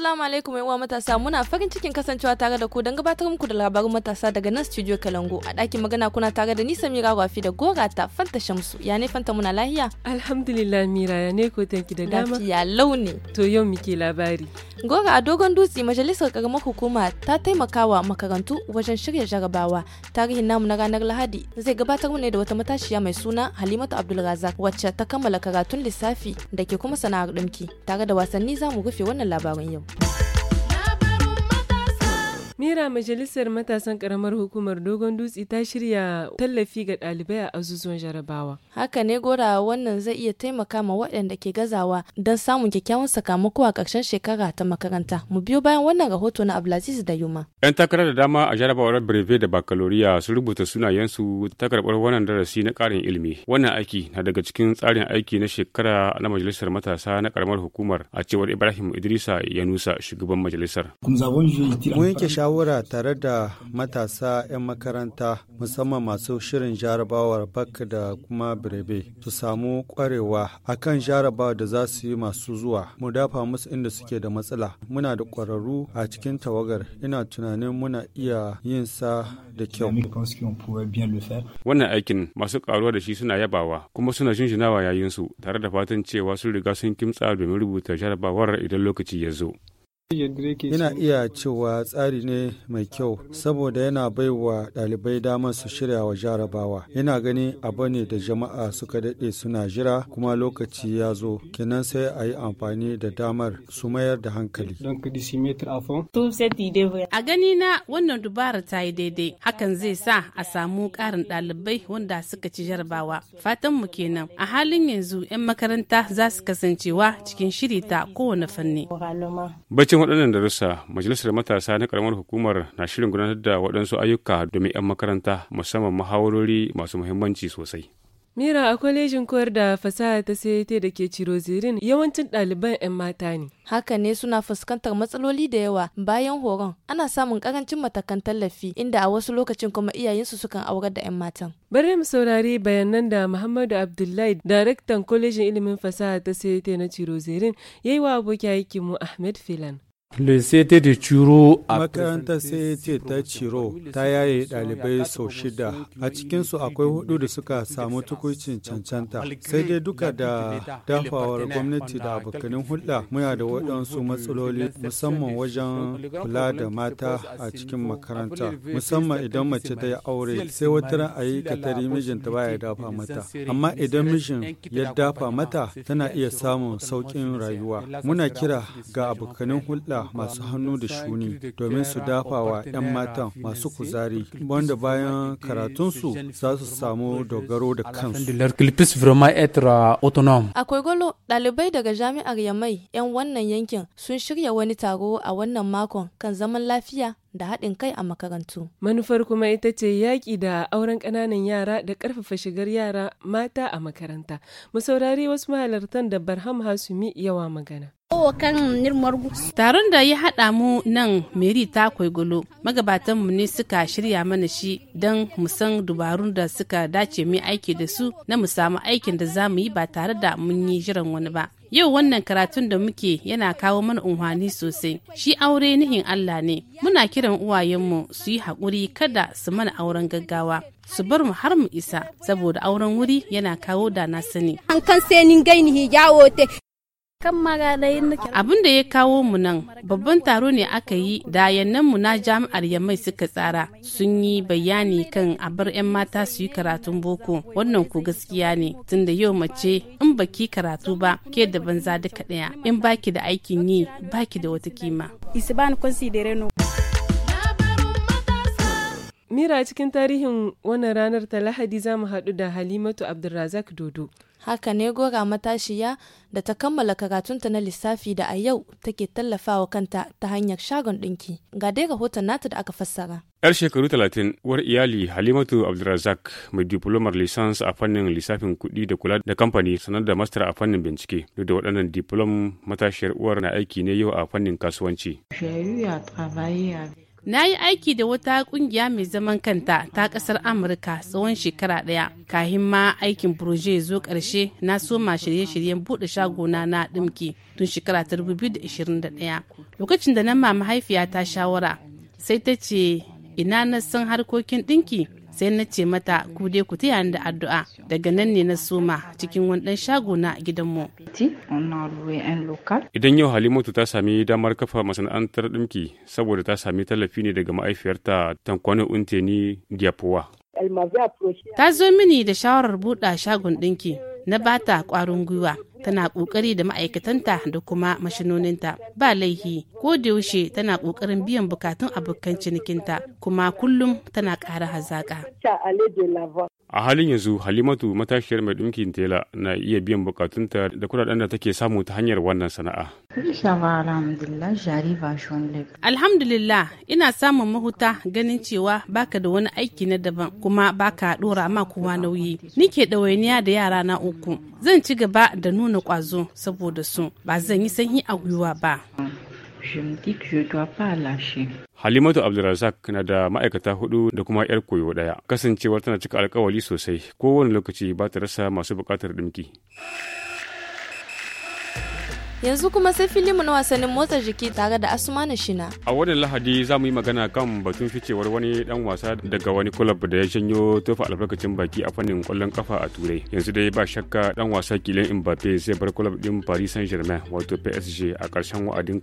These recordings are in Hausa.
Assalamu alaikum wa matasa muna farin cikin kasancewa tare da ku don gabatar muku da labarin matasa daga nan studio Kalango a ɗakin magana kuna tare da ni Samira Rafi da Gora ta Fanta Shamsu ya ne Fanta muna lahiya Alhamdulillah Mira ya ne ko tanki da dama Lafiya launi to yau muke labari Gora a dogon dutse majalisar karamar hukuma ta taimaka wa makarantu wajen shirya jarabawa tarihin namu na ranar Lahadi zai gabatar ne da wata matashiya mai suna Halimatu Abdulrazak wacce ta kammala karatun lissafi da ke kuma sana'ar ɗinki tare da wasanni za mu rufe wannan labarin yau Mira Majalisar Matasan Karamar Hukumar Dogon Dutse ta shirya tallafi ga ɗalibai a azuzuwan jarabawa. Haka ne gora wannan zai iya taimaka ma waɗanda ke gazawa don samun kyakkyawan sakamako a ƙarshen shekara ta makaranta. Mu biyo bayan wannan rahoto na Abdulaziz da Yuma. 'Yan takarar da dama a jarabawar Breve da bakaloriya su rubuta sunayensu ta karɓar wannan darasi na ƙarin ilimi. Wannan aiki na daga cikin tsarin aiki na shekara na Majalisar Matasa na Karamar Hukumar a cewar Ibrahim Idrisa Yanusa shugaban majalisar. yanke muhawara tare da matasa 'yan makaranta musamman masu shirin jarabawar bak da kuma birebe su samu kwarewa kan jarabawa da za su yi masu zuwa mu dafa musu inda suke da matsala muna da kwararru a cikin tawagar ina tunanin muna iya yin sa da kyau wannan aikin masu karuwa da shi suna yabawa kuma suna jinjinawa su tare da fatan cewa sun riga sun kimtsa domin rubuta jarabawar idan lokaci ya zo Ina iya cewa tsari ne mai kyau saboda yana bai wa ɗalibai damar su shirya wa jarabawa. yana gani abu ne da jama'a suka daɗe suna jira kuma lokaci ya zo kenan sai a yi amfani da damar su mayar da hankali. A gani na wannan dubara ta yi daidai hakan zai sa a samu ƙarin ɗalibai wanda suka ci jarabawa. fatan mu kenan a halin yanzu 'yan makaranta za su kasancewa cikin shiri ta kowane fanni. waɗannan darussa majalisar matasa na karamar hukumar na shirin gudanar da waɗansu ayyuka domin 'yan makaranta musamman mahawarori masu muhimmanci sosai Mira a kwalejin koyar da fasaha ta sayate da ke ciro zirin yawancin ɗaliban 'yan mata ne. Haka ne suna fuskantar matsaloli da yawa bayan horon ana samun karancin matakan tallafi inda a wasu lokacin kuma iyayensu sukan aurar da 'yan matan. Bari mu saurari bayanan da Muhammadu Abdullahi, daraktan kwalejin ilimin fasaha ta sayate na zirin ya yi wa abokin aikinmu Ahmed Filan. ciro a Makarantar CAT ta Ciro ta yaye ɗalibai sau shida, a cikinsu akwai hudu da suka samu tukucin cancanta. Sai dai duka da dafawar gwamnati da abokanin hulɗa muna da waɗansu matsaloli musamman wajen kula da mata a cikin makaranta. Musamman idan mace ta yi aure sai wata ran a yi katari mijinta baya dafa mata. Amma idan mijin ya dafa mata tana iya samun sauƙin rayuwa. Muna kira ga abokanin hulɗa masu hannu da shuni domin su dafa wa 'yan matan masu kuzari wanda bayan karatunsu za su samu dogaro da kansu. Euh, Akwai gwalo ɗalibai daga jami'ar Yamai 'yan wannan yankin sun shirya wani taro a wannan makon kan zaman lafiya da haɗin kai a makarantu. Manufar kuma ita ce yaƙi da auren ƙananan yara da ƙarfafa shigar yara mata a makaranta. Mu saurari wasu mahalartan da Barham Hasumi yawa magana. Taron da ya haɗa mu nan Mary ta kwaigolo mu ne suka shirya mana shi don mu san dubarun da suka dace mu aiki da su na mu samu aikin da za mu yi ba tare da mun yi jiran wani ba. Yau wannan karatun da muke yana kawo mana unhwani sosai. Shi aure nihin Allah ne. Muna kiran uwayenmu su yi haƙuri kada su mana auren gaggawa. su bar mu har mu isa saboda auren wuri yana kawo da na sani. gainihi yawo Abin da ya kawo mu nan babban taro ne aka yi da yannan mu na jami'ar Yamai suka tsara sun yi bayani kan abar 'yan mata su yi karatun boko wannan ku gaskiya ne tunda yau mace in baki karatu ba ke da banza duka kaɗaya in baki da aikin yi baki da wata kima. Mira cikin tarihin wannan ranar ta Lahadi za mu haɗu da Halimatu Abdulrazak Dodo. Haka ne gora matashiya da ta kammala karatunta na lissafi da a yau take tallafawa kanta ta hanyar shagon ɗinki. Ga dai rahoton nata da aka fassara. Yar shekaru talatin uwar iyali Halimatu Abdulrazak mai diplomar lisans a fannin lissafin kuɗi da kula da kamfani sanar da master a fannin bincike. Duk da waɗannan diplom matashiyar uwar na aiki ne yau a fannin kasuwanci. Na yi aiki da wata kungiya mai zaman kanta ta kasar Amurka tsawon shekara ɗaya. Kahin ma aikin Proje zo ƙarshe na soma shirye-shiryen buɗe shagona na ɗinki, tun shekara ta 2021. Lokacin da na ma mahaifiya ta shawara sai ta ce ina na san harkokin ɗinki sai na ce mata ku dai ku taya da addu'a daga nan ne na soma cikin wani dan shago na gidanmu idan yau halimatu ta sami damar kafa masana'antar dinki saboda ta sami tallafi ne daga ma'aifiyarta tankwani unteni diapowa ta zo mini da shawarar buɗa shagon ɗinki na bata kwarin gwiwa tana kokari da ma'aikatanta da kuma mashinoninta ba laihi ko da yaushe tana kokarin biyan bukatun abokan cinikinta kuma kullum tana ƙara hazaƙa. a halin yanzu halimatu matashiyar mai ɗinkin tela na iya biyan bukatunta da kudaden da take samu ta hanyar wannan sana'a alhamdulillah ina samun mahuta ganin cewa baka da wani aiki na daban kuma baka dora ma kowa nauyi ni ke ɗawainiya da yara na uku zan ci gaba da nuna ƙwazo saboda su ba zan yi sanyi a gwiwa ba Halimatu Abdulrazak na da ma'aikata hudu da kuma 'yar koyo daya. Kasancewar tana cika alkawali sosai, kowane lokaci ba ta rasa masu bukatar ɗinki. Yanzu kuma sai filinmu na wasannin motsa jiki tare da Asmanu Shina. A wannan Lahadi za mu yi magana kan batun ficewar wani dan wasa daga wani kulab da ya janyo tofa albarkacin baki a fannin kwallon kafa a Turai. Yanzu dai ba shakka dan wasa Kylian Mbappe zai bar kulab din Paris Saint-Germain wato PSG a karshen wa'adin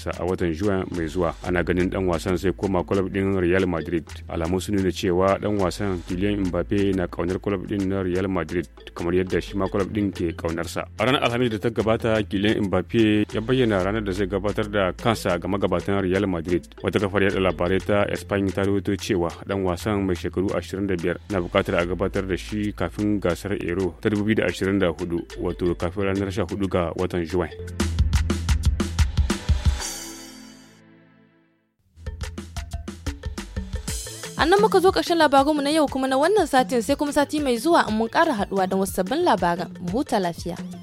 sa a watan Juin mai zuwa. Ana ganin dan wasan zai koma kulab din Real Madrid. Alamu sun nuna cewa dan wasan Kylian Mbappe na kaunar kulab din na Real Madrid kamar yadda shi ma kulab din ke kaunarsa. A ranar Alhamis da ta gabata Kylian mbappe ya bayyana ranar da zai gabatar da kansa ga magabatan real madrid wata kafar yada labarai ta espanya ta rawaito cewa dan wasan mai shekaru 25 na bukatar a gabatar da shi kafin gasar ero ta 2024 wato kafin ranar 14 ga watan an nan muka zo ƙarshen mu na yau kuma na wannan satin sai kuma sati mai zuwa mun kara haɗuwa don wasu sabbin labaran mu huta lafiya.